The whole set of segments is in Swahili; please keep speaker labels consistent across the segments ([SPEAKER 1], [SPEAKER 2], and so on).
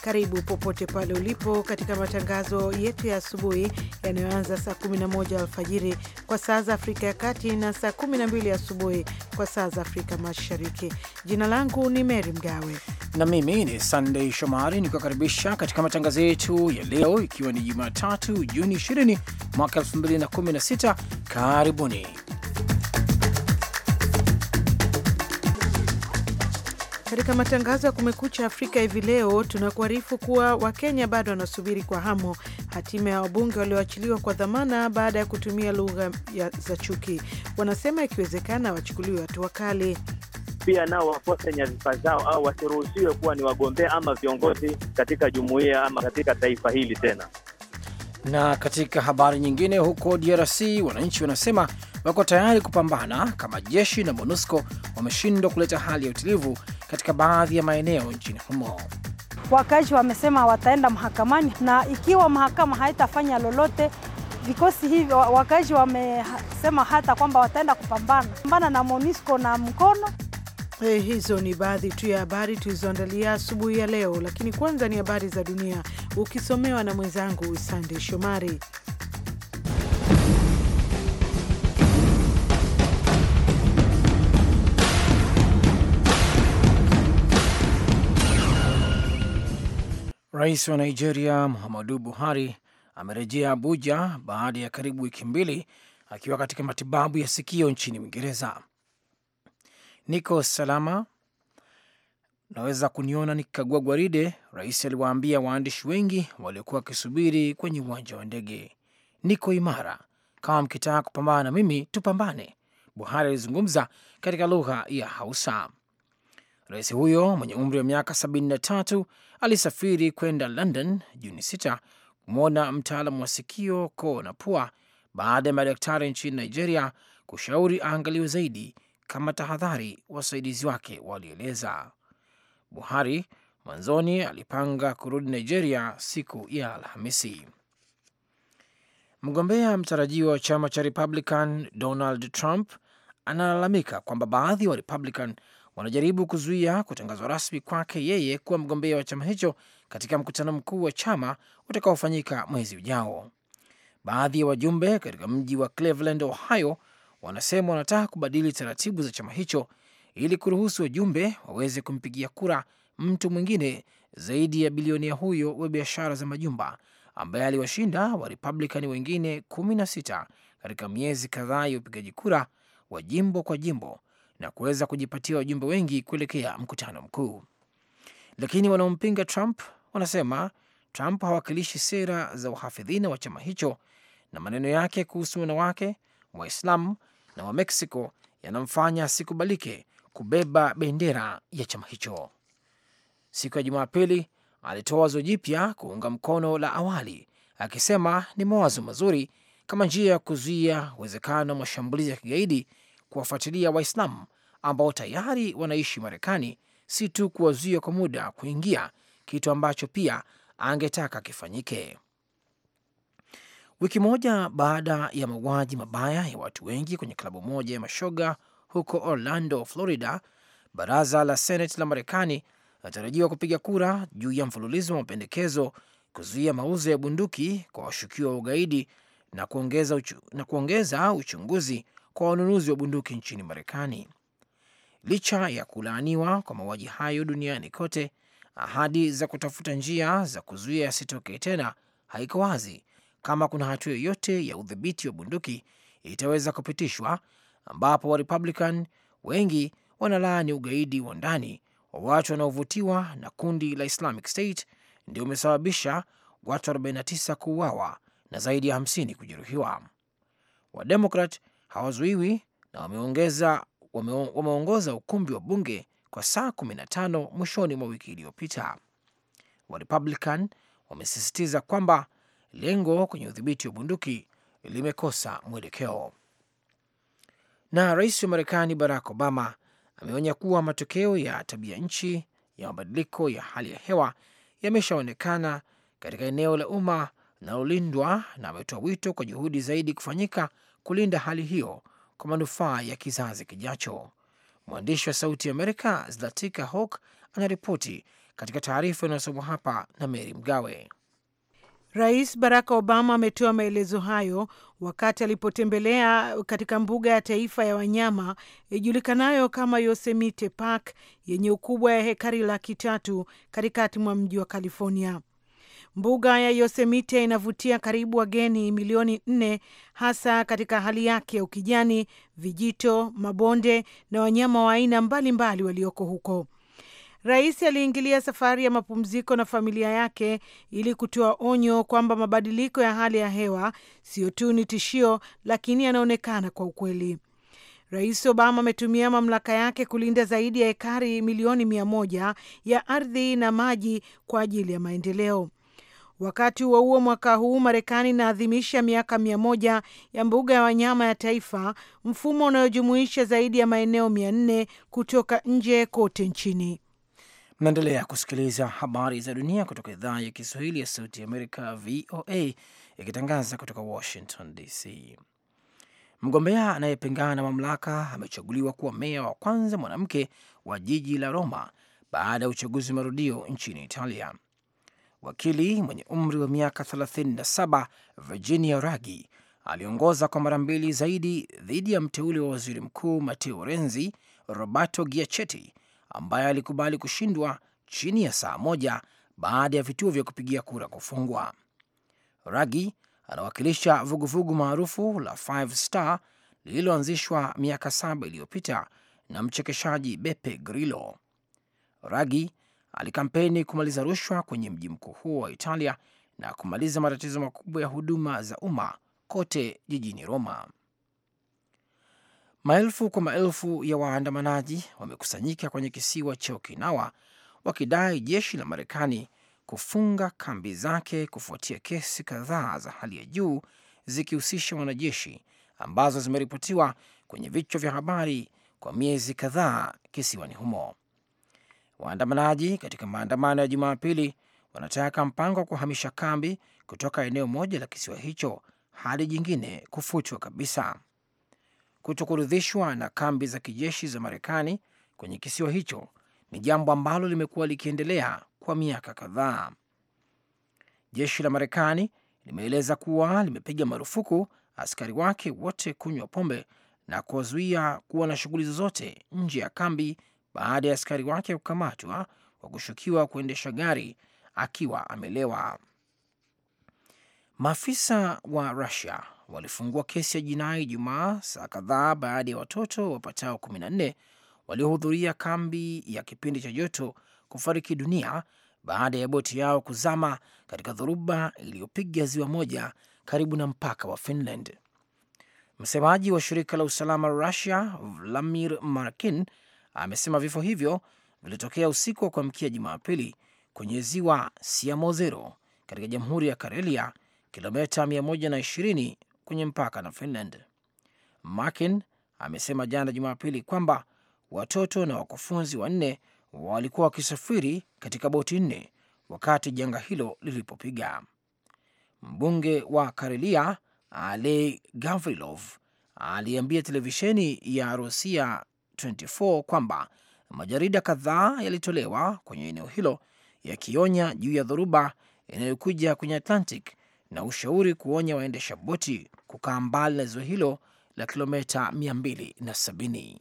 [SPEAKER 1] Karibu popote pale ulipo katika matangazo yetu ya asubuhi yanayoanza saa 11 alfajiri kwa saa za Afrika ya Kati na saa 12 asubuhi kwa saa za Afrika Mashariki. Jina langu ni Meri Mgawe
[SPEAKER 2] na mimi ni Sandei Shomari nikiwakaribisha katika matangazo yetu ya leo, ikiwa ni Jumatatu Juni 20 mwaka 2016. Karibuni.
[SPEAKER 1] Katika matangazo ya Kumekucha Afrika hivi leo tunakuarifu kuwa Wakenya bado wanasubiri kwa hamu hatima ya wabunge walioachiliwa kwa dhamana baada ya kutumia lugha za chuki. Wanasema ikiwezekana wachukuliwe hatua kali.
[SPEAKER 3] Pia nao wakose nyadhifa zao au wasiruhusiwe kuwa ni wagombea ama viongozi katika jumuiya ama katika taifa hili tena.
[SPEAKER 2] Na katika habari nyingine, huko DRC wananchi wanasema wako tayari kupambana kama jeshi na MONUSCO wameshindwa kuleta hali ya utulivu katika baadhi ya maeneo nchini humo.
[SPEAKER 4] Wakazi wamesema wataenda mahakamani na ikiwa mahakama haitafanya lolote vikosi hivyo, wakazi wamesema hata kwamba wataenda kupambana pambana na MONUSCO na mkono.
[SPEAKER 1] Hey, eh, hizo ni baadhi tu ya habari tulizoandalia asubuhi ya leo, lakini kwanza ni habari za dunia ukisomewa na mwenzangu Sande Shomari.
[SPEAKER 2] Rais wa Nigeria Muhammadu Buhari amerejea Abuja baada ya karibu wiki mbili akiwa katika matibabu ya sikio nchini Uingereza. Niko salama, naweza kuniona nikikagua gwaride, rais aliwaambia waandishi wengi waliokuwa wakisubiri kwenye uwanja wa ndege. Niko imara, kama mkitaka kupambana na mimi tupambane, Buhari alizungumza katika lugha ya Hausa. Rais huyo mwenye umri wa miaka tatu alisafiri kwenda London Juni 6 kumwona mtaalamu wa sikio, koo na pua baada ya madaktari nchini Nigeria kushauri aangaliwe zaidi kama tahadhari, wasaidizi wake walieleza. Buhari mwanzoni alipanga kurudi Nigeria siku ya Alhamisi. Mgombea mtarajiwa wa chama cha Republican Donald Trump analalamika kwamba baadhi ya wa Republican wanajaribu kuzuia kutangazwa rasmi kwake yeye kuwa mgombea wa chama hicho katika mkutano mkuu wa chama utakaofanyika mwezi ujao. Baadhi ya wa wajumbe katika mji wa Cleveland, Ohio, wanasema wanataka kubadili taratibu za chama hicho ili kuruhusu wajumbe waweze kumpigia kura mtu mwingine zaidi ya bilionia huyo wa biashara za majumba ambaye aliwashinda Warepublikani wengine 16 katika miezi kadhaa ya upigaji kura wa jimbo kwa jimbo na kuweza kujipatia wajumbe wengi kuelekea mkutano mkuu. Lakini wanaompinga Trump wanasema Trump hawakilishi sera za uhafidhina wa chama hicho na maneno yake kuhusu wanawake, Waislamu na Wameksiko yanamfanya asikubalike kubeba bendera ya chama hicho. Siku ya Jumapili alitoa wazo jipya kuunga mkono la awali, akisema ni mawazo mazuri kama njia ya kuzuia uwezekano wa mashambulizi ya kigaidi kuwafuatilia Waislamu ambao tayari wanaishi Marekani, si tu kuwazuia kwa muda kuingia, kitu ambacho pia angetaka kifanyike. Wiki moja baada ya mauaji mabaya ya watu wengi kwenye klabu moja ya mashoga huko Orlando, Florida, baraza la Senate la Marekani linatarajiwa kupiga kura juu ya mfululizo wa mapendekezo kuzuia mauzo ya bunduki kwa washukiwa wa ugaidi na kuongeza, uchu, na kuongeza uchunguzi kwa wanunuzi wa bunduki nchini Marekani. Licha ya kulaaniwa kwa mauaji hayo duniani kote, ahadi za kutafuta njia za kuzuia yasitokee tena haiko wazi kama kuna hatua yoyote ya udhibiti wa bunduki itaweza kupitishwa, ambapo Warepublican wengi wanalaani ugaidi wa ndani wa watu wanaovutiwa na kundi la Islamic State ndio umesababisha watu 49 kuuawa na zaidi ya 50 kujeruhiwa. Wademokrat hawazuiwi na wameongeza wameongoza ukumbi wa bunge kwa saa 15 mwishoni mwa wiki iliyopita. Warepublican wamesisitiza kwamba lengo kwenye udhibiti wa bunduki limekosa mwelekeo. Na rais wa Marekani Barack Obama ameonya kuwa matokeo ya tabia nchi ya mabadiliko ya hali ya hewa yameshaonekana katika eneo la umma linalolindwa, na ametoa wito kwa juhudi zaidi kufanyika kulinda hali hiyo kwa manufaa ya kizazi kijacho. Mwandishi wa Sauti ya Amerika Zlatika Hawk anaripoti katika taarifa inayosomwa hapa na Meri Mgawe.
[SPEAKER 1] Rais Barack Obama ametoa maelezo hayo wakati alipotembelea katika mbuga ya taifa ya wanyama ijulikanayo kama Yosemite Park yenye ukubwa ya hekari laki tatu katikati mwa mji wa California. Mbuga ya Yosemite inavutia karibu wageni milioni nne, hasa katika hali yake ya ukijani, vijito, mabonde na wanyama wa aina mbalimbali walioko huko. Rais aliingilia safari ya mapumziko na familia yake ili kutoa onyo kwamba mabadiliko ya hali ya hewa sio tu ni tishio, lakini yanaonekana kwa ukweli. Rais Obama ametumia mamlaka yake kulinda zaidi ya hekari milioni mia moja ya ardhi na maji kwa ajili ya maendeleo. Wakati huo huo, mwaka huu Marekani inaadhimisha miaka mia moja ya mbuga ya wanyama ya taifa, mfumo unayojumuisha zaidi ya maeneo mia nne kutoka nje kote nchini.
[SPEAKER 2] Mnaendelea kusikiliza habari za dunia kutoka idhaa ya Kiswahili ya Sauti ya Amerika, VOA, ikitangaza kutoka Washington DC. Mgombea anayepingana na mamlaka amechaguliwa kuwa meya wa kwanza mwanamke wa jiji la Roma baada ya uchaguzi marudio nchini Italia wakili mwenye umri wa miaka 37 Virginia ragi aliongoza kwa mara mbili zaidi dhidi ya mteule wa waziri mkuu Matteo Renzi, Roberto Giachetti, ambaye alikubali kushindwa chini ya saa moja baada ya vituo vya kupigia kura kufungwa. ragi anawakilisha vuguvugu maarufu la Five Star lililoanzishwa miaka saba iliyopita na mchekeshaji Beppe Grillo. ragi alikampeni kumaliza rushwa kwenye mji mkuu huo wa Italia na kumaliza matatizo makubwa ya huduma za umma kote jijini Roma. Maelfu kwa maelfu ya waandamanaji wamekusanyika kwenye kisiwa cha Okinawa wakidai jeshi la Marekani kufunga kambi zake kufuatia kesi kadhaa za hali ya juu zikihusisha wanajeshi ambazo zimeripotiwa kwenye vichwa vya habari kwa miezi kadhaa kisiwani humo. Waandamanaji katika maandamano ya Jumapili wanataka mpango wa kuhamisha kambi kutoka eneo moja la kisiwa hicho hadi jingine kufutwa kabisa. Kutokuridhishwa na kambi za kijeshi za Marekani kwenye kisiwa hicho ni jambo ambalo limekuwa likiendelea kwa miaka kadhaa. Jeshi la Marekani limeeleza kuwa limepiga marufuku askari wake wote kunywa pombe na kuwazuia kuwa na shughuli zozote nje ya kambi baada ya askari wake kukamatwa kwa kushukiwa kuendesha gari akiwa amelewa. Maafisa wa Rusia walifungua kesi ya jinai Jumaa saa kadhaa baada ya watoto wapatao 14 waliohudhuria kambi ya kipindi cha joto kufariki dunia baada ya boti yao kuzama katika dhoruba iliyopiga ziwa moja karibu na mpaka wa Finland. Msemaji wa shirika la usalama Rusia Vladimir Markin amesema vifo hivyo vilitokea usiku wa kuamkia Jumapili kwenye ziwa Siamozero katika jamhuri ya Karelia, kilomita 120 kwenye mpaka na Finland. Makin amesema jana Jumapili kwamba watoto na wakufunzi wanne walikuwa wakisafiri katika boti nne wakati janga hilo lilipopiga. Mbunge wa Karelia Alei Gavrilov aliambia televisheni ya Rusia 24 kwamba majarida kadhaa yalitolewa kwenye eneo hilo yakionya juu ya dhoruba inayokuja kwenye Atlantic na ushauri kuonya waendesha boti kukaa mbali na ziwa hilo la kilometa 270.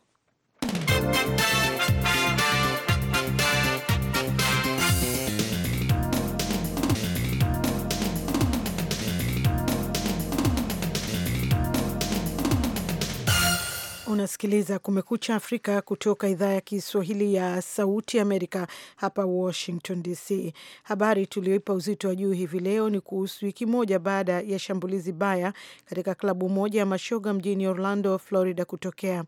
[SPEAKER 1] Unasikiliza Kumekucha Afrika kutoka idhaa ya Kiswahili ya Sauti Amerika, hapa Washington DC. Habari tulioipa uzito wa juu hivi leo ni kuhusu wiki moja baada ya shambulizi baya katika klabu moja ya mashoga mjini Orlando, Florida kutokea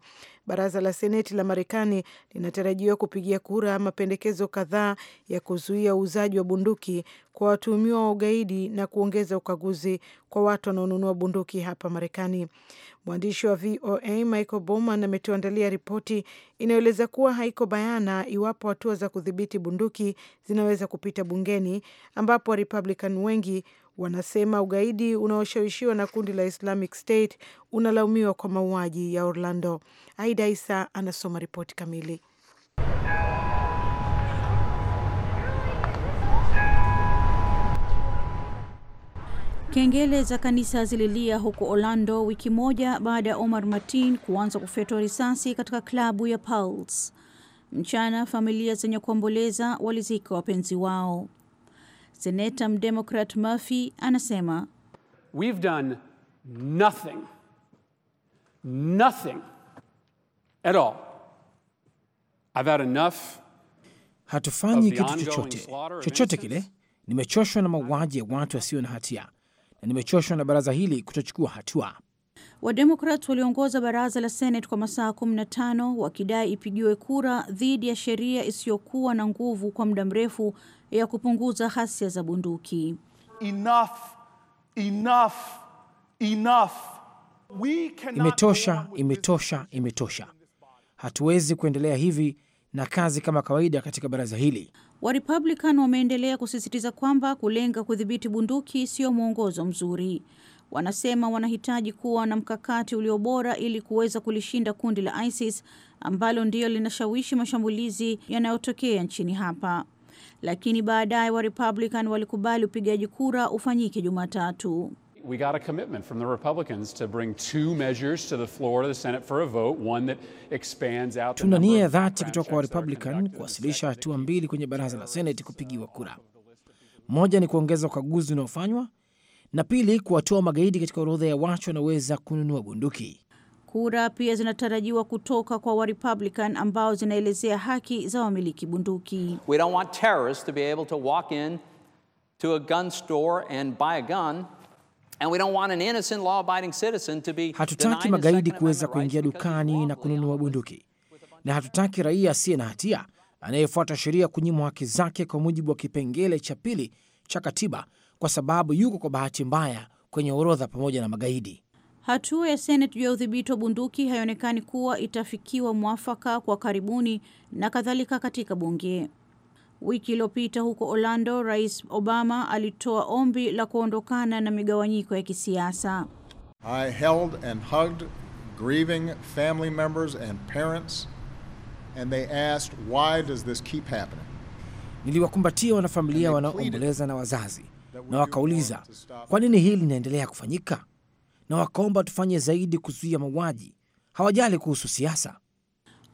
[SPEAKER 1] baraza la Seneti la Marekani linatarajiwa kupigia kura mapendekezo kadhaa ya kuzuia uuzaji wa bunduki kwa watuhumiwa wa ugaidi na kuongeza ukaguzi kwa watu wanaonunua bunduki hapa Marekani. Mwandishi wa VOA Michael Bowman ametuandalia ripoti inayoeleza kuwa haiko bayana iwapo hatua za kudhibiti bunduki zinaweza kupita bungeni ambapo Warepublican wengi wanasema ugaidi unaoshawishiwa na kundi la Islamic State unalaumiwa kwa mauaji ya Orlando. Aida Isa anasoma ripoti kamili.
[SPEAKER 5] Kengele za kanisa zililia huko Orlando wiki moja baada ya Omar Martin kuanza kufyatua risasi katika klabu ya Pulse. Mchana familia zenye kuomboleza walizika wapenzi wao. Seneta mdemokrat Murphy anasema
[SPEAKER 6] We've done nothing, nothing at all had enough.
[SPEAKER 2] Hatufanyi kitu chochote chochote kile. Nimechoshwa na mauaji ya watu wasio na hatia na nimechoshwa na baraza hili kutochukua hatua.
[SPEAKER 5] Wademokrat waliongoza baraza la Senate kwa masaa 15 wakidai ipigiwe kura dhidi ya sheria isiyokuwa na nguvu kwa muda mrefu ya kupunguza ghasia za bunduki. Enough, enough, enough.
[SPEAKER 2] Imetosha, imetosha, imetosha. Hatuwezi kuendelea hivi na kazi kama kawaida katika baraza hili.
[SPEAKER 5] Warepublican wameendelea kusisitiza kwamba kulenga kudhibiti bunduki sio mwongozo mzuri wanasema wanahitaji kuwa na mkakati ulio bora ili kuweza kulishinda kundi la ISIS ambalo ndiyo linashawishi mashambulizi yanayotokea nchini hapa. Lakini baadaye wa Republican walikubali upigaji kura ufanyike Jumatatu.
[SPEAKER 6] We got a commitment from the Republicans to bring two measures to the floor of the Senate for a vote, one that expands out Tuna nia ya dhati kutoka kwa
[SPEAKER 2] Republican kuwasilisha hatua mbili kwenye baraza la Senate kupigiwa kura. Moja ni kuongeza ukaguzi unaofanywa na pili, kuwatoa magaidi katika orodha ya watu wanaoweza kununua bunduki.
[SPEAKER 5] Kura pia zinatarajiwa kutoka kwa warpublican ambao zinaelezea haki za wamiliki bunduki.
[SPEAKER 4] We don't want terrorists to be able to walk in to a gun store and buy a gun. And we don't want an innocent law-abiding citizen to be. Hatutaki magaidi kuweza
[SPEAKER 2] kuingia dukani na kununua bunduki, na hatutaki raia asiye na hatia anayefuata sheria kunyimwa haki zake kwa mujibu wa kipengele cha pili cha katiba kwa sababu yuko kwa bahati mbaya kwenye orodha pamoja na magaidi.
[SPEAKER 5] Hatua ya Seneti juu ya udhibiti wa bunduki haionekani kuwa itafikiwa mwafaka kwa karibuni na kadhalika katika bunge. Wiki iliyopita huko Orlando, Rais Obama alitoa ombi la kuondokana na migawanyiko ya kisiasa.
[SPEAKER 7] I held and hugged grieving
[SPEAKER 2] family members and parents and they asked why does this keep happening? Niliwakumbatia wanafamilia wanaoomboleza na wazazi na wakauliza kwa nini hili linaendelea kufanyika, na wakaomba tufanye zaidi kuzuia mauaji. Hawajali kuhusu siasa.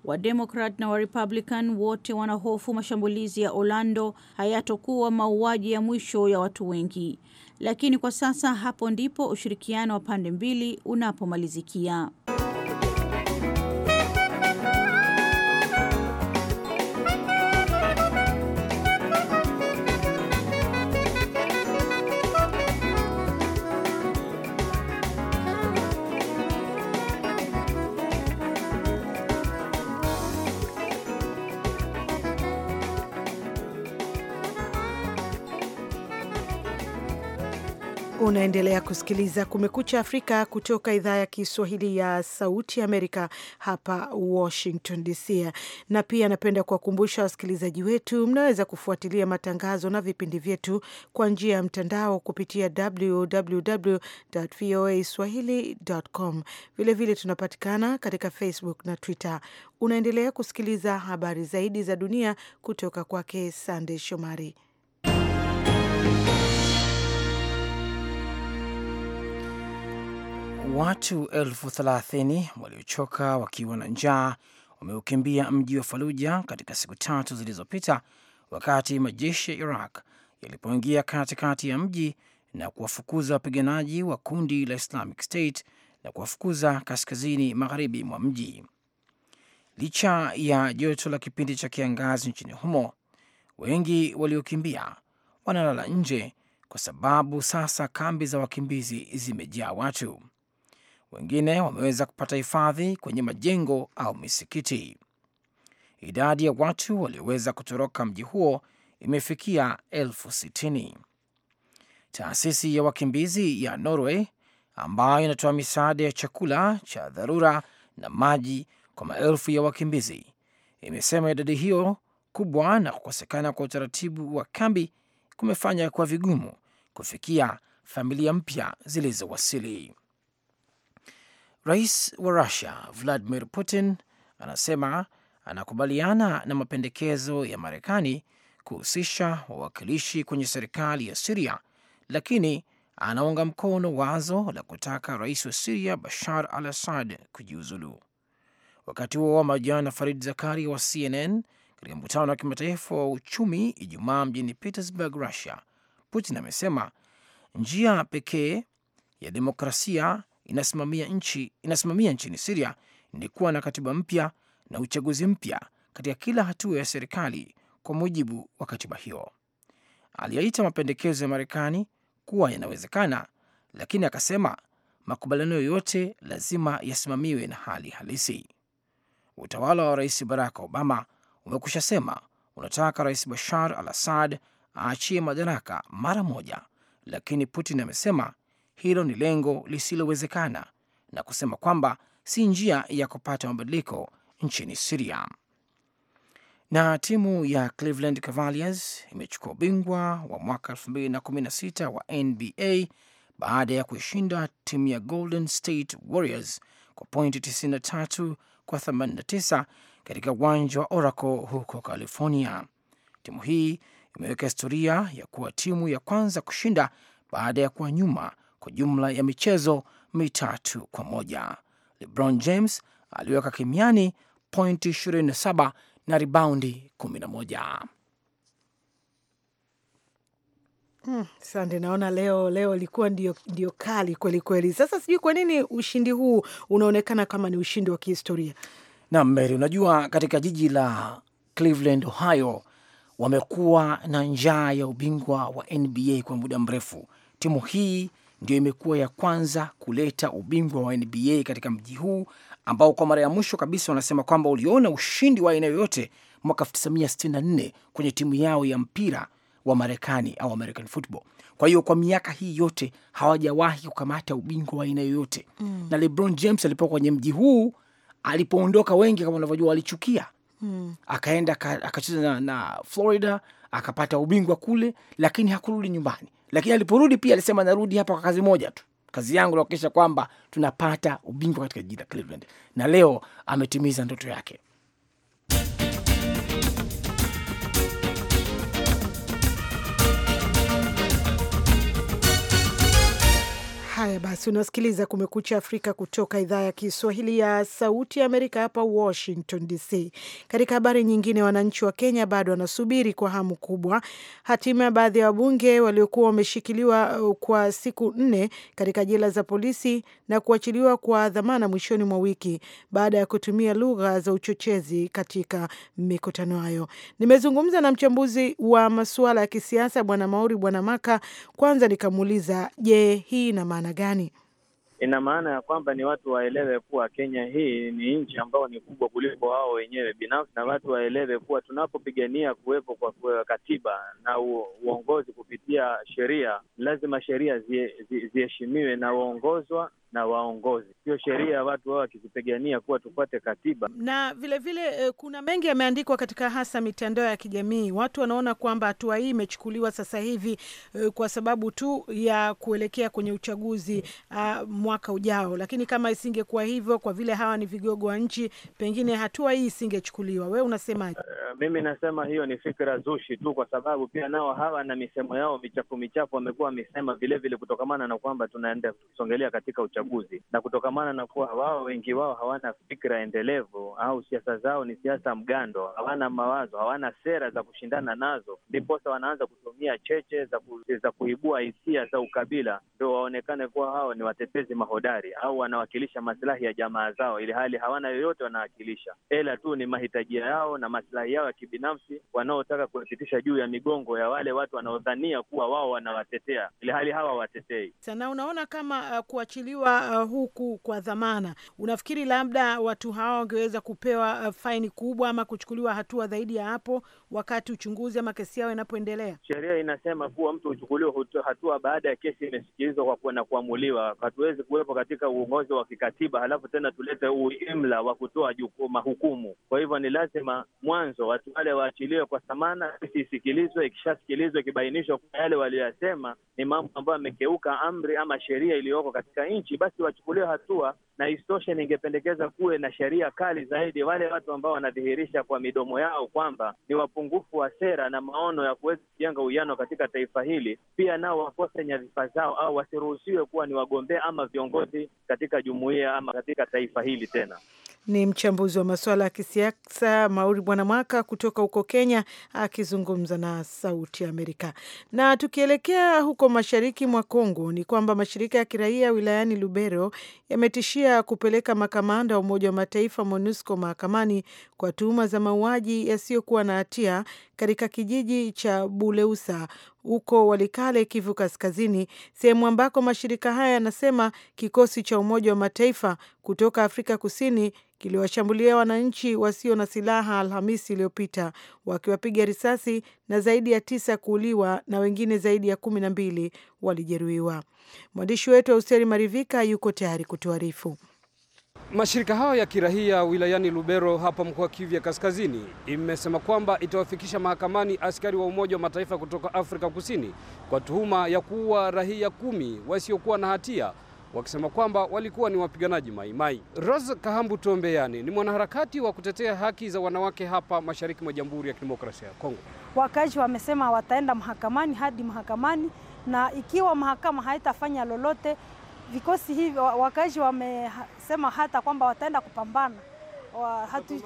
[SPEAKER 5] Wademokrat na Warepublican wote wanahofu mashambulizi ya Orlando hayatokuwa mauaji ya mwisho ya watu wengi, lakini kwa sasa hapo ndipo ushirikiano wa pande mbili unapomalizikia.
[SPEAKER 1] Unaendelea kusikiliza Kumekucha Afrika kutoka idhaa ya Kiswahili ya Sauti Amerika hapa Washington DC, na pia napenda kuwakumbusha wasikilizaji wetu, mnaweza kufuatilia matangazo na vipindi vyetu kwa njia ya mtandao kupitia swahilicom Vilevile tunapatikana katika Facebook na Twitter. Unaendelea kusikiliza habari zaidi za dunia kutoka kwake sandey Shomari.
[SPEAKER 2] Watu elfu thelathini waliochoka wakiwa na njaa wameukimbia mji wa Faluja katika siku tatu zilizopita, wakati majeshi ya Iraq yalipoingia katikati ya mji na kuwafukuza wapiganaji wa kundi la Islamic State na kuwafukuza kaskazini magharibi mwa mji. Licha ya joto la kipindi cha kiangazi nchini humo, wengi waliokimbia wanalala nje kwa sababu sasa kambi za wakimbizi zimejaa watu wengine wameweza kupata hifadhi kwenye majengo au misikiti. Idadi ya watu walioweza kutoroka mji huo imefikia elfu sitini. Taasisi ya wakimbizi ya Norway ambayo inatoa misaada ya chakula cha dharura na maji kwa maelfu ya wakimbizi imesema idadi hiyo kubwa na kukosekana kwa utaratibu wa kambi kumefanya kwa vigumu kufikia familia mpya zilizowasili. Rais wa Russia Vladimir Putin anasema anakubaliana na mapendekezo ya Marekani kuhusisha wawakilishi kwenye serikali ya Siria, lakini anaunga mkono wazo la kutaka rais wa Siria Bashar al Assad kujiuzulu. Wakati huo wa majana, Farid Zakari wa CNN katika mkutano wa kimataifa wa uchumi Ijumaa mjini Petersburg, Russia, Putin amesema njia pekee ya demokrasia inasimamia, nchi, inasimamia nchini Siria ni kuwa na katiba mpya na uchaguzi mpya katika kila hatua ya serikali kwa mujibu wa katiba hiyo. Aliyaita mapendekezo ya Marekani kuwa yanawezekana, lakini akasema makubaliano yoyote lazima yasimamiwe na hali halisi. Utawala wa Rais Barack Obama umekusha sema unataka Rais Bashar al Assad aachie madaraka mara moja, lakini Putin amesema hilo ni lengo lisilowezekana na kusema kwamba si njia ya kupata mabadiliko nchini Siria. Na timu ya Cleveland Cavaliers imechukua ubingwa wa mwaka 2016 wa NBA baada ya kuishinda timu ya Golden State Warriors kwa pointi 93 kwa 89 katika uwanja wa Oracle huko California. Timu hii imeweka historia ya kuwa timu ya kwanza kushinda baada ya kuwa nyuma kwa jumla ya michezo mitatu kwa moja. LeBron James aliweka kimiani pointi 27 na ribaundi 11.
[SPEAKER 1] Hmm, sande. Naona leo leo ilikuwa ndio, ndio kali kweli kweli. Sasa sijui kwa nini ushindi huu unaonekana kama ni ushindi wa
[SPEAKER 2] kihistoria. Naam Mary, unajua katika jiji la Cleveland, Ohio wamekuwa na njaa ya ubingwa wa NBA kwa muda mrefu. Timu hii ndio imekuwa ya kwanza kuleta ubingwa wa NBA katika mji huu ambao kwa mara ya mwisho kabisa wanasema kwamba uliona ushindi wa aina yoyote mwaka 1964 kwenye timu yao ya mpira wa Marekani au American football. Kwa hiyo kwa miaka hii yote hawajawahi kukamata ubingwa wa aina yoyote mm. na LeBron James alipokuwa kwenye mji huu, alipoondoka wengi kama unavyojua walichukia mm. akaenda akacheza na, na Florida akapata ubingwa kule, lakini hakurudi nyumbani. Lakini aliporudi pia alisema narudi hapa kwa kazi moja tu, kazi yangu nakuhakikisha kwamba tunapata ubingwa katika jiji la Cleveland, na leo ametimiza ndoto yake.
[SPEAKER 1] Haya basi, unasikiliza Kumekucha Afrika kutoka idhaa ya Kiswahili ya Sauti ya Amerika, hapa Washington DC. Katika habari nyingine, wananchi wa Kenya bado wanasubiri kwa hamu kubwa hatima ya baadhi ya wabunge waliokuwa wameshikiliwa uh, kwa siku nne katika jela za polisi na kuachiliwa kwa dhamana mwishoni mwa wiki baada ya kutumia lugha za uchochezi katika mikutano hayo. Nimezungumza na mchambuzi wa masuala ya kisiasa Bwana Mauri Bwana Maka, kwanza nikamuuliza je, hii ina maana gani?
[SPEAKER 3] Ina maana ya kwamba ni watu waelewe kuwa Kenya hii ni nchi ambayo ni kubwa kuliko wao wenyewe binafsi, na watu waelewe kuwa tunapopigania kuwepo kwa katiba na uongozi kupitia sheria, lazima sheria ziheshimiwe zie, na uongozwa na waongozi. Sio sheria watu wao wakizipigania kuwa tupate katiba.
[SPEAKER 1] Na vilevile vile, eh, kuna mengi yameandikwa katika hasa mitandao ya kijamii. Watu wanaona kwamba hatua hii imechukuliwa sasa hivi eh, kwa sababu tu ya kuelekea kwenye uchaguzi a, ah, mwaka ujao, lakini kama isingekuwa hivyo, kwa vile hawa ni vigogo wa nchi, pengine hatua hii isingechukuliwa. Wewe unasemaje? Uh,
[SPEAKER 3] mimi nasema hiyo ni fikra zushi tu, kwa sababu pia nao hawa na misemo yao michafu michafu wamekuwa wamesema vilevile, kutokamana na kwamba tunaenda kusongelea katika uchaguzi uchaguzi, na kutokamana na kuwa wao wengi wao hawana fikra endelevu au siasa zao ni siasa mgando, hawana mawazo, hawana sera za kushindana nazo, ndiposa wanaanza kutumia cheche za, ku, za kuibua hisia za ukabila, ndo waonekane kuwa hao ni watetezi mahodari au wanawakilisha masilahi ya jamaa zao, ili hali hawana yoyote wanawakilisha, ila tu ni mahitaji yao na masilahi yao ya kibinafsi wanaotaka kuyapitisha juu ya migongo ya wale watu wanaodhania kuwa wao wanawatetea, ili hali hawa watetei.
[SPEAKER 1] Sana unaona kama uh, kuachiliwa kuchukuliwa uh, huku kwa dhamana, unafikiri labda watu hawa wangeweza kupewa uh, faini kubwa ama kuchukuliwa hatua zaidi ya hapo wakati uchunguzi ama kesi yao inapoendelea?
[SPEAKER 3] Sheria inasema kuwa mtu huchukuliwa hatua baada ya kesi imesikilizwa kwa na kuamuliwa. Hatuwezi kuwepo katika uongozi wa kikatiba halafu tena tulete uimla wa kutoa mahukumu. Kwa hivyo ni lazima mwanzo watu wale waachiliwe kwa thamana, kesi isikilizwe. Ikishasikilizwa ikibainishwa kuwa yale walioyasema ni mambo ambayo yamekeuka amri ama sheria iliyoko katika nchi wananchi, basi wachukuliwe hatua, na isitoshe, ningependekeza kuwe na sheria kali zaidi wale watu ambao wanadhihirisha kwa midomo yao kwamba ni wapungufu wa sera na maono ya kuweza kujenga uwiano katika taifa hili, pia nao wakose nyadhifa zao au wasiruhusiwe kuwa ni wagombea ama viongozi katika jumuiya ama katika taifa hili tena.
[SPEAKER 1] Ni mchambuzi wa masuala ya kisiasa Mauri Bwanamwaka kutoka huko Kenya akizungumza na Sauti ya Amerika. Na tukielekea huko mashariki mwa Kongo, ni kwamba mashirika ya kiraia wilayani Lubero yametishia kupeleka makamanda wa Umoja wa Mataifa MONUSCO mahakamani kwa tuhuma za mauaji yasiyokuwa na hatia katika kijiji cha Buleusa huko Walikale, Kivu Kaskazini, sehemu ambako mashirika haya yanasema kikosi cha Umoja wa Mataifa kutoka Afrika Kusini kiliwashambulia wananchi wasio na silaha Alhamisi iliyopita wakiwapiga risasi na zaidi ya tisa kuuliwa na wengine zaidi ya kumi na mbili walijeruhiwa. Mwandishi wetu Austeri Marivika yuko tayari kutuarifu.
[SPEAKER 6] Mashirika hayo ya kirahia wilayani Lubero hapa mkoa Kivu ya Kaskazini imesema kwamba itawafikisha mahakamani askari wa Umoja wa Mataifa kutoka Afrika Kusini kwa tuhuma ya kuua rahia kumi wasiokuwa na hatia wakisema kwamba walikuwa ni wapiganaji maimai. Ros Kahambu Tombeyani ni mwanaharakati wa kutetea haki za wanawake hapa mashariki mwa Jamhuri ya Kidemokrasia ya Kongo.
[SPEAKER 4] Wakazi wamesema wataenda mahakamani hadi mahakamani, na ikiwa mahakama haitafanya lolote, vikosi hivi, wakazi wamesema hata kwamba wataenda kupambana wa, hatu,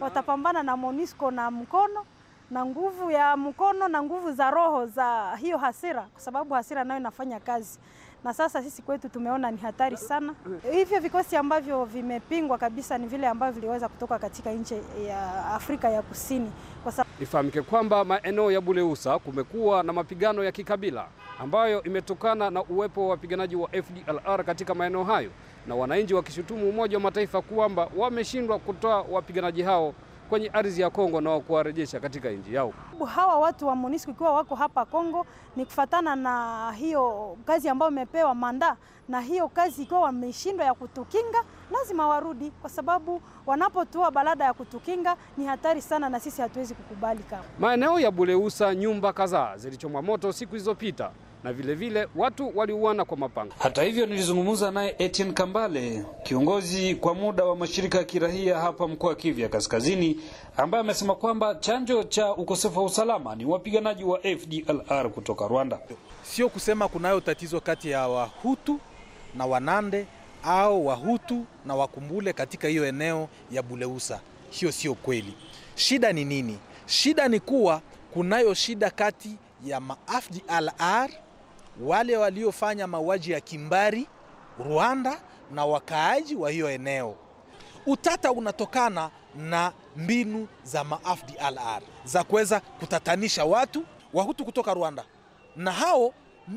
[SPEAKER 4] watapambana na monisco na mkono na nguvu ya mkono na nguvu za roho za hiyo hasira, kwa sababu hasira nayo inafanya kazi na sasa sisi kwetu tumeona ni hatari sana. Hivyo vikosi ambavyo vimepingwa kabisa ni vile ambavyo viliweza kutoka katika nchi ya Afrika ya Kusini. Kwa sababu
[SPEAKER 6] ifahamike kwamba maeneo ya Buleusa kumekuwa na mapigano ya kikabila ambayo imetokana na uwepo wa wapiganaji wa FDLR katika maeneo hayo, na wananchi wakishutumu Umoja wa Mataifa kwamba wameshindwa kutoa wapiganaji hao kwenye ardhi ya Kongo na kuwarejesha katika nchi yao.
[SPEAKER 4] Hawa watu wa MONUSCO ikiwa wako hapa Kongo ni kufatana na hiyo kazi ambayo wamepewa manda, na hiyo kazi ikiwa wameshindwa ya kutukinga, lazima warudi, kwa sababu wanapotoa balada ya kutukinga ni hatari sana, na sisi hatuwezi kukubali. Kama
[SPEAKER 6] maeneo ya Buleusa, nyumba kadhaa zilichomwa moto siku zilizopita na vilevile vile, watu waliuana kwa mapanga. Hata hivyo, nilizungumza naye Etienne Kambale, kiongozi kwa muda wa mashirika ya kirahia hapa mkoa wa Kivu ya Kaskazini, ambaye amesema kwamba chanjo cha ukosefu wa usalama ni wapiganaji wa FDLR kutoka Rwanda.
[SPEAKER 2] Sio kusema kunayo tatizo kati ya Wahutu na Wanande au Wahutu na Wakumbule katika hiyo eneo ya Buleusa. Hiyo sio kweli. Shida ni nini? Shida ni kuwa kunayo shida kati ya ma FDLR wale waliofanya mauaji ya kimbari Rwanda na wakaaji wa hiyo eneo. Utata unatokana na mbinu za MAFDLR za kuweza kutatanisha watu Wahutu kutoka Rwanda, na hao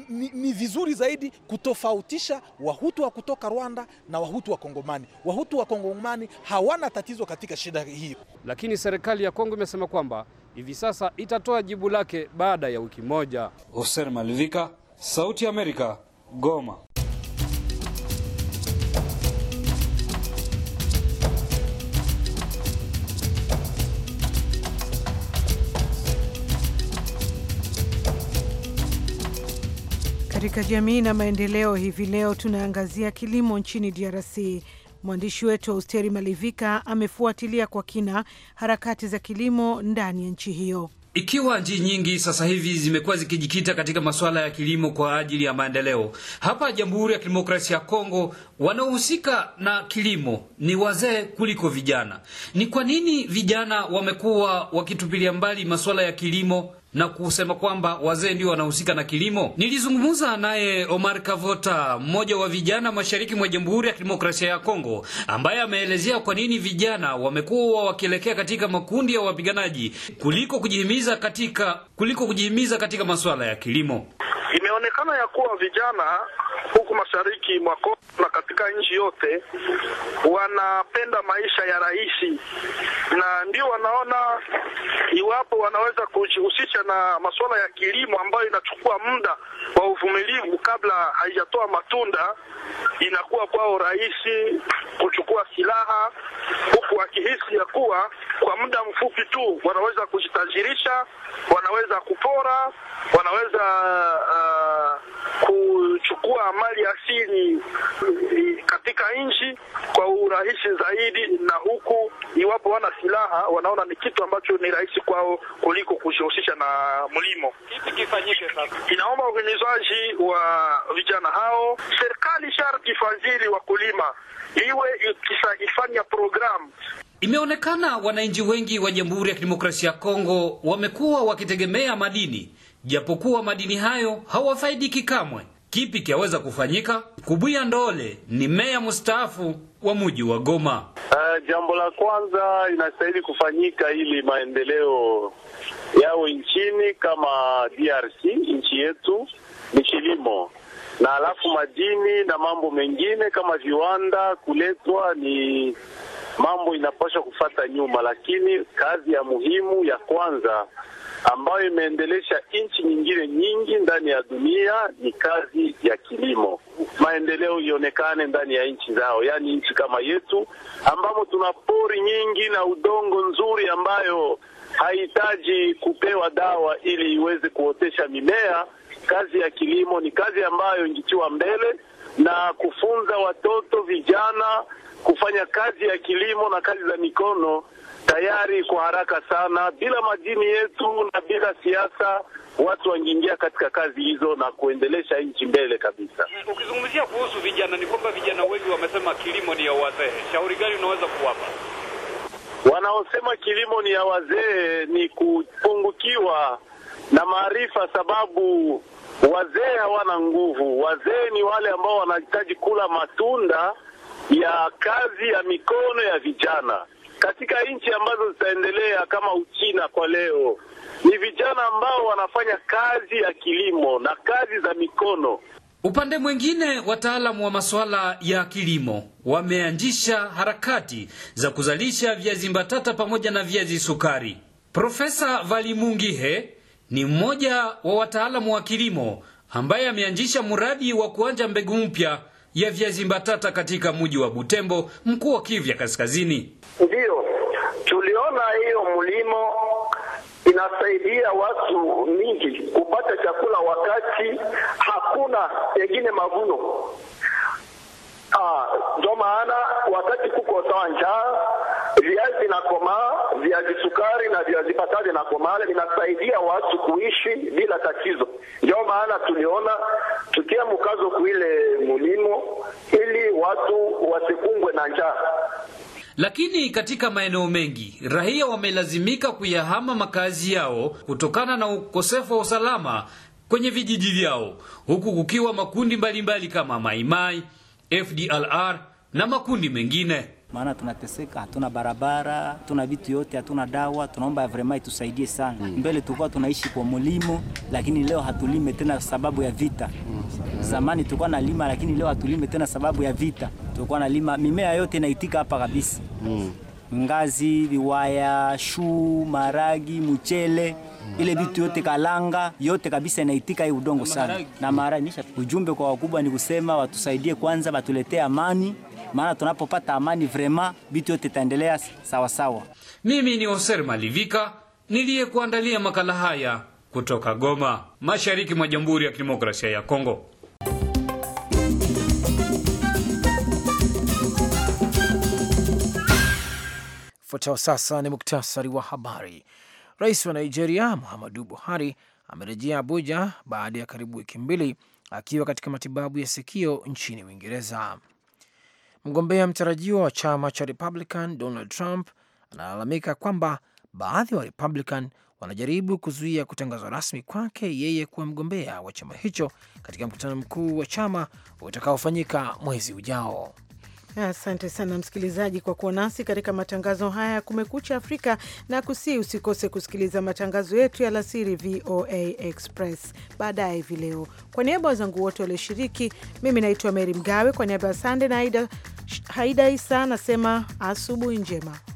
[SPEAKER 2] ni, ni vizuri zaidi kutofautisha Wahutu wa kutoka Rwanda na Wahutu wa Kongomani. Wahutu wa Kongomani hawana tatizo katika shida hii,
[SPEAKER 6] lakini serikali ya Kongo imesema kwamba hivi sasa itatoa jibu lake baada ya wiki moja. Hussein Malivika Sauti ya Amerika, Goma.
[SPEAKER 1] Katika jamii na maendeleo, hivi leo tunaangazia kilimo nchini DRC. Mwandishi wetu Austeri Malivika amefuatilia kwa kina harakati za kilimo ndani ya nchi hiyo.
[SPEAKER 6] Ikiwa nchi nyingi sasa hivi zimekuwa zikijikita katika masuala ya kilimo kwa ajili ya maendeleo, hapa Jamhuri ya Kidemokrasia ya Kongo wanaohusika na kilimo ni wazee kuliko vijana. Ni kwa nini vijana wamekuwa wakitupilia mbali masuala ya kilimo na kusema kwamba wazee ndio wanahusika na kilimo. Nilizungumza naye Omar Kavota, mmoja wa vijana mashariki mwa Jamhuri ya Kidemokrasia ya Kongo, ambaye ameelezea kwa nini vijana wamekuwa wakielekea katika makundi ya wapiganaji kuliko kujihimiza katika kuliko kujihimiza katika masuala ya kilimo.
[SPEAKER 8] Imeonekana ya kuwa vijana huku mashariki mwa Kongo na katika nchi yote, wanapenda maisha ya rahisi, na ndio wanaona iwapo wanaweza kujihusisha na masuala ya kilimo ambayo inachukua muda wa uvumilivu kabla haijatoa matunda, inakuwa kwao rahisi kuchukua silaha, huku wakihisi ya kuwa kwa muda mfupi tu wanaweza kujitajirisha, wanaweza kupora, wanaweza uh, kuchukua mali asili eh, katika nchi kwa urahisi zaidi, na huku iwapo wana silaha wanaona ni kitu ambacho ni rahisi kwao kuliko kujihusisha na mlimo. kifanyike sasa? Inaomba uhimizaji wa vijana hao, serikali sharti fadhili wakulima, iwe ikifanya program
[SPEAKER 6] Imeonekana wananchi wengi wa Jamhuri ya Kidemokrasia ya Kongo wamekuwa wakitegemea madini, japokuwa madini hayo hawafaidiki kamwe kipi kiaweza kufanyika? Kubuya Ndole ni meya mustaafu wa muji wa Goma.
[SPEAKER 7] Uh, jambo la kwanza inastahili kufanyika ili maendeleo yao nchini kama DRC nchi yetu ni kilimo na alafu madini na mambo mengine kama viwanda kuletwa, ni mambo inapaswa kufata nyuma, lakini kazi ya muhimu ya kwanza ambayo imeendelesha nchi nyingine nyingi ndani ya dunia ni kazi ya kilimo. Maendeleo ionekane ndani ya nchi zao, yaani nchi kama yetu ambamo tuna pori nyingi na udongo nzuri ambayo haihitaji kupewa dawa ili iweze kuotesha mimea. Kazi ya kilimo ni kazi ambayo ingitiwa mbele na kufunza watoto vijana kufanya kazi ya kilimo na kazi za mikono tayari kwa haraka sana. Bila madini yetu na bila siasa, watu wangeingia katika kazi hizo na kuendelesha nchi mbele kabisa. Eh,
[SPEAKER 6] ukizungumzia kuhusu vijana, ni kwamba vijana wengi wamesema kilimo ni ya wazee. Shauri gani unaweza kuwapa?
[SPEAKER 7] Wanaosema kilimo ni ya wazee ni kupungukiwa na maarifa, sababu wazee hawana nguvu. Wazee ni wale ambao wanahitaji kula matunda ya kazi ya mikono ya vijana katika nchi ambazo zitaendelea kama Uchina kwa leo ni vijana ambao wanafanya kazi ya kilimo na kazi za mikono. Upande mwingine,
[SPEAKER 6] wataalamu wa masuala ya kilimo wameanzisha harakati za kuzalisha viazi mbatata pamoja na viazi sukari. Profesa Valimungihe ni mmoja wa wataalamu wa kilimo ambaye ameanzisha mradi wa kuanja mbegu mpya ya viazi mbatata katika mji wa Butembo, mkuu wa Kivu ya Kaskazini.
[SPEAKER 8] Ndiyo tuliona hiyo mlimo inasaidia watu mingi kupata chakula, wakati hakuna yengine mavuno ah, ndio maana wakati kuko sawa njaa viazi na komaa, viazi sukari na viazi patate na komaa vinasaidia watu kuishi bila tatizo. Ndio maana tuliona tukia mkazo kuile mulimo ili watu wasikungwe na njaa. Lakini
[SPEAKER 6] katika maeneo mengi raia wamelazimika kuyahama makazi yao kutokana na ukosefu wa usalama kwenye vijiji vyao, huku kukiwa makundi mbalimbali mbali kama
[SPEAKER 2] Maimai,
[SPEAKER 6] FDLR na makundi mengine
[SPEAKER 2] maana tunateseka, hatuna barabara, hatuna vitu yote, hatuna dawa. Tunaomba vraiment itusaidie sana. mm. Mbele tulikuwa tunaishi kwa mlimo, lakini leo hatulime tena sababu ya vita. mm. Zamani tulikuwa nalima, lakini leo hatulime tena sababu ya vita. Tulikuwa nalima mimea yote inaitika hapa kabisa. mm. Ngazi, viwaya, shu maragi, mchele mm. ile vitu yote kalanga yote kabisa inaitika hii udongo sana na mara nisha. Ujumbe kwa wakubwa ni kusema watusaidie kwanza, watuletee amani maana tunapopata amani vrema vitu yote itaendelea sawasawa.
[SPEAKER 6] Mimi ni Hoser Malivika niliyekuandalia makala haya kutoka Goma, mashariki mwa Jamhuri ya Kidemokrasia ya Kongo.
[SPEAKER 2] Fuatao sasa ni muktasari wa habari. Rais wa Nigeria Muhammadu Buhari amerejea Abuja baada ya karibu wiki mbili akiwa katika matibabu ya sikio nchini Uingereza. Mgombea mtarajiwa wa chama cha Republican Donald Trump analalamika kwamba baadhi ya wa Republican wanajaribu kuzuia kutangazwa rasmi kwake yeye kuwa mgombea wa chama hicho katika mkutano mkuu wa chama utakaofanyika mwezi ujao.
[SPEAKER 1] Asante sana msikilizaji kwa kuwa nasi katika matangazo haya ya Kumekucha Afrika, na kusii usikose kusikiliza matangazo yetu ya alasiri VOA Express baadaye hivi leo. Kwa niaba wenzangu wote walioshiriki, mimi naitwa Meri Mgawe, kwa niaba ya Sande na Haida Isa nasema asubuhi njema.